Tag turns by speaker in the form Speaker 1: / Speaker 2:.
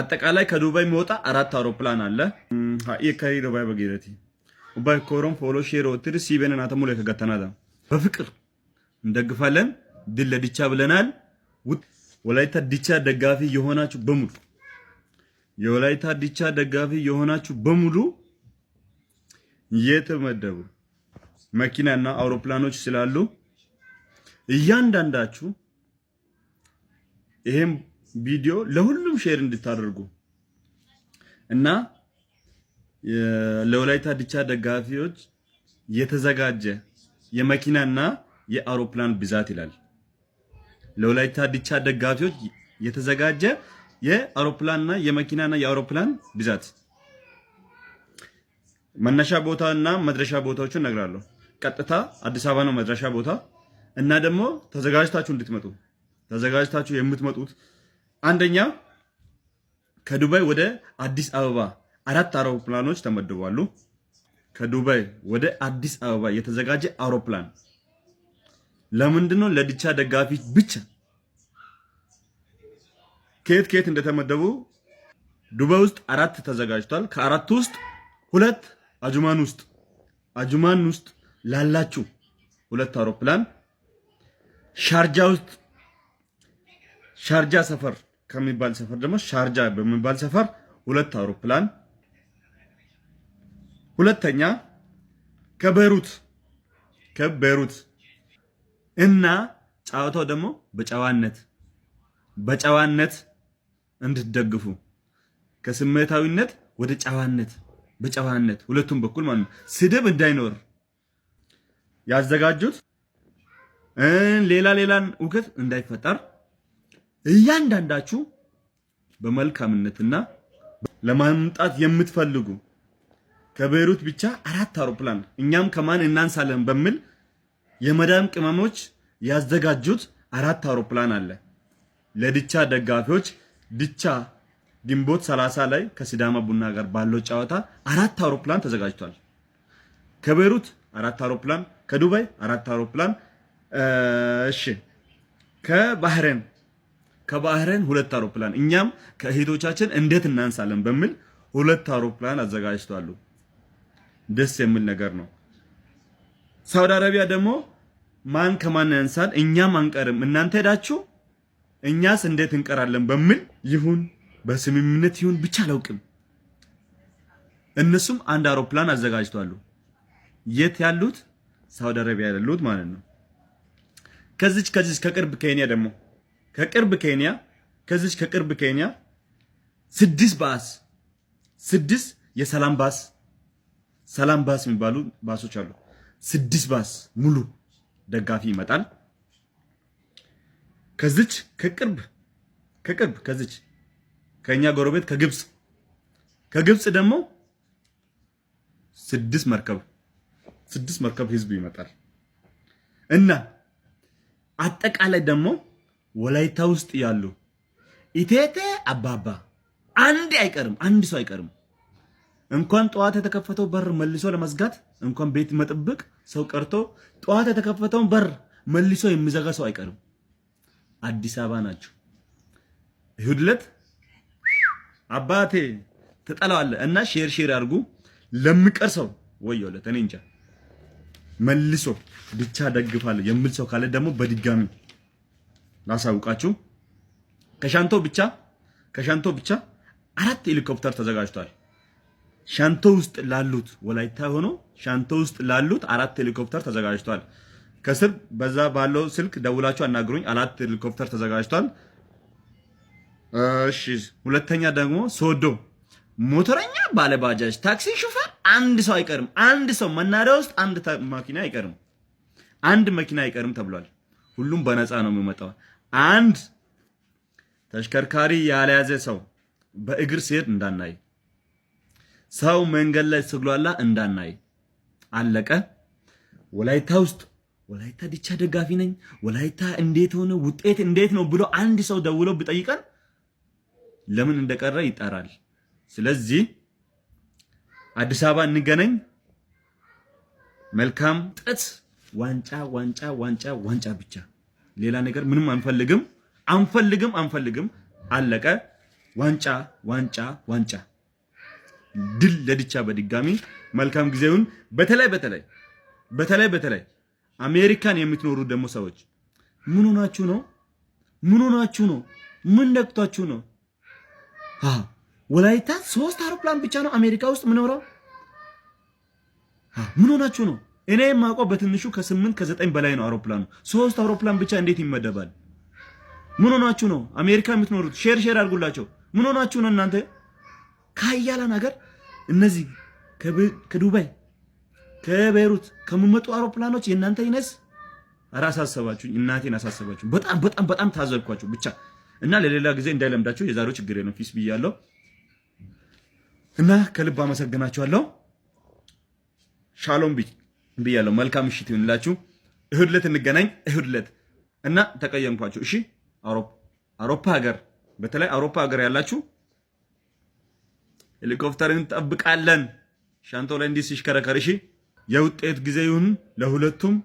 Speaker 1: አጠቃላይ ከዱባይ የሚወጣ አራት አውሮፕላን አለ። ከይ ዱባይ በጌረቲ ባይ ኮሮም ፖሎ ሼሮ ትር ና ተሙለ ከገተናዳ በፍቅር እንደግፋለን። ድል ለድቻ ብለናል። ወላይታ ድቻ ደጋፊ የሆናችሁ በሙሉ የወላይታ ድቻ ደጋፊ የሆናችሁ በሙሉ የተመደቡ መኪናና አውሮፕላኖች ስላሉ እያንዳንዳችሁ ይሄም ቪዲዮ ለሁሉም ሼር እንድታደርጉ እና ለወላይታ ድቻ ደጋፊዎች የተዘጋጀ የመኪናና የአውሮፕላን ብዛት ይላል። ለወላይታ ድቻ ደጋፊዎች የተዘጋጀ የአውሮፕላንና የመኪናና የአውሮፕላን ብዛት መነሻ ቦታ እና መድረሻ ቦታዎችን እነግራለሁ። ቀጥታ አዲስ አበባ ነው መድረሻ ቦታ እና ደግሞ ተዘጋጅታችሁ እንድትመጡ ተዘጋጅታችሁ የምትመጡት አንደኛ ከዱባይ ወደ አዲስ አበባ አራት አውሮፕላኖች ተመድቧሉ። ከዱባይ ወደ አዲስ አበባ የተዘጋጀ አውሮፕላን ለምንድነው ነው? ለድቻ ደጋፊ ብቻ። ከየት ከየት እንደተመደቡ ዱባይ ውስጥ አራት ተዘጋጅቷል። ከአራት ውስጥ ሁለት አጁማን ውስጥ አጁማን ውስጥ ላላችሁ ሁለት አውሮፕላን ሻርጃ ውስጥ ሻርጃ ሰፈር ከሚባል ሰፈር ደግሞ ሻርጃ በሚባል ሰፈር ሁለት አውሮፕላን፣ ሁለተኛ ከቤሩት ከቤሩት እና ጨዋታው ደግሞ በጨዋነት በጨዋነት እንድትደግፉ ከስሜታዊነት ወደ ጨዋነት በጨዋነት ሁለቱም በኩል ማለት ነው። ስድብ እንዳይኖር ያዘጋጁት ሌላ ሌላን ውከት እንዳይፈጠር እያንዳንዳችሁ በመልካምነትና ለማምጣት የምትፈልጉ ከቤይሩት ብቻ አራት አውሮፕላን እኛም ከማን እናንሳለን በሚል የመዳም ቅመሞች ያዘጋጁት አራት አውሮፕላን አለ። ለድቻ ደጋፊዎች ድቻ ግንቦት 30 ላይ ከሲዳማ ቡና ጋር ባለው ጨዋታ አራት አውሮፕላን ተዘጋጅቷል። ከቤይሩት አራት አውሮፕላን፣ ከዱባይ አራት አውሮፕላን፣ እሺ ከባህሬን ከባህሬን ሁለት አውሮፕላን እኛም ከእህቶቻችን እንዴት እናንሳለን በሚል ሁለት አውሮፕላን አዘጋጅቷሉ። ደስ የሚል ነገር ነው። ሳውዲ አረቢያ ደግሞ ማን ከማን ያንሳል፣ እኛም አንቀርም፣ እናንተ ሄዳችሁ እኛስ እንዴት እንቀራለን በሚል ይሁን በስምምነት ይሁን ብቻ አላውቅም። እነሱም አንድ አውሮፕላን አዘጋጅቷሉ። የት ያሉት? ሳውዲ አረቢያ ያሉት ማለት ነው። ከዚች ከዚች ከቅርብ ከኬንያ ደግሞ ከቅርብ ኬንያ ከዚች ከቅርብ ኬንያ ስድስት ባስ ስድስት የሰላም ባስ ሰላም ባስ የሚባሉ ባሶች አሉ። ስድስት ባስ ሙሉ ደጋፊ ይመጣል። ከዚች ከቅርብ ከቅርብ ከዚች ከኛ ጎረቤት ከግብፅ ከግብፅ ደግሞ ስድስት መርከብ ስድስት መርከብ ህዝብ ይመጣል እና አጠቃላይ ደግሞ ወላይታ ውስጥ ያሉ ኢቴቴ አባባ አንድ አይቀርም፣ አንድ ሰው አይቀርም። እንኳን ጠዋት የተከፈተው በር መልሶ ለመዝጋት እንኳን ቤት መጠበቅ ሰው ቀርቶ ጠዋት የተከፈተውን በር መልሶ የሚዘጋ ሰው አይቀርም። አዲስ አበባ ናቸው። እሑድ ዕለት አባቴ ትጠላዋለህ እና ሼር ሼር አድርጉ ለሚቀር ሰው ወየውለት እኔ እንጃ መልሶ ብቻ ደግፋለሁ የሚል ሰው ካለ ደግሞ በድጋሚ ላሳውቃችሁ። ከሻንቶ ብቻ ከሻንቶ ብቻ አራት ሄሊኮፕተር ተዘጋጅቷል። ሻንቶ ውስጥ ላሉት ወላይታ ሆኖ ሻንቶ ውስጥ ላሉት አራት ሄሊኮፕተር ተዘጋጅቷል። ከስር በዛ ባለው ስልክ ደውላችሁ አናግሩኝ። አራት ሄሊኮፕተር ተዘጋጅቷል። እሺ። ሁለተኛ ደግሞ ሶዶ ሞተረኛ፣ ባለባጃጅ፣ ታክሲ ሹፌር አንድ ሰው አይቀርም። አንድ ሰው መናሪያ ውስጥ አንድ መኪና አይቀርም። አንድ መኪና አይቀርም ተብሏል። ሁሉም በነፃ ነው የሚመጣው። አንድ ተሽከርካሪ ያልያዘ ሰው በእግር ሲሄድ እንዳናይ፣ ሰው መንገድ ላይ ስግሏላ እንዳናይ። አለቀ። ወላይታ ውስጥ ወላይታ ዲቻ ደጋፊ ነኝ፣ ወላይታ እንዴት ሆነ፣ ውጤት እንዴት ነው ብሎ አንድ ሰው ደውሎ ብጠይቀን ለምን እንደቀረ ይጠራል። ስለዚህ አዲስ አበባ እንገናኝ። መልካም ጥት ዋንጫ ዋንጫ ዋንጫ ዋንጫ ብቻ ሌላ ነገር ምንም አንፈልግም አንፈልግም አንፈልግም። አለቀ። ዋንጫ ዋንጫ ዋንጫ። ድል ለድቻ። በድጋሚ መልካም ጊዜውን። በተለይ በተለይ በተለይ በተለይ አሜሪካን የምትኖሩ ደግሞ ሰዎች ምን ሆናችሁ ነው? ምን ሆናችሁ ነው? ምን ነቅቷችሁ ነው? ወላይታ ሶስት አውሮፕላን ብቻ ነው አሜሪካ ውስጥ ምኖረው። ምን ሆናችሁ ነው? እኔ የማውቀው በትንሹ ከስምንት ከዘጠኝ በላይ ነው አውሮፕላኑ። ሶስት አውሮፕላን ብቻ እንዴት ይመደባል? ምን ሆናችሁ ነው አሜሪካ የምትኖሩት? ሼር ሼር አድርጉላቸው። ምን ሆናችሁ ነው እናንተ ከሀያላን ሀገር እነዚህ ከዱባይ ከቤይሩት ከምመጡ አውሮፕላኖች የእናንተ ይነስ ኧረ አሳሰባችሁኝ፣ እናቴን አሳሰባችሁ። በጣም በጣም በጣም ታዘብኳችሁ ብቻ እና ለሌላ ጊዜ እንዳይለምዳችሁ የዛሬው ችግር ነው ፊስ ብያለሁ እና ከልብ አመሰግናችኋለሁ። ሻሎም ቢት ብያለሁ። መልካም ምሽት ይሁንላችሁ። እሁድ ዕለት እንገናኝ። እሁድ ዕለት እና ተቀየምኳችሁ። እሺ አውሮፓ ሀገር፣ በተለይ አውሮፓ ሀገር ያላችሁ ሄሊኮፕተርን እንጠብቃለን። ሻንጣው ላይ እንዲህ ሲሽከረከር። እሺ የውጤት ጊዜ ይሁን ለሁለቱም።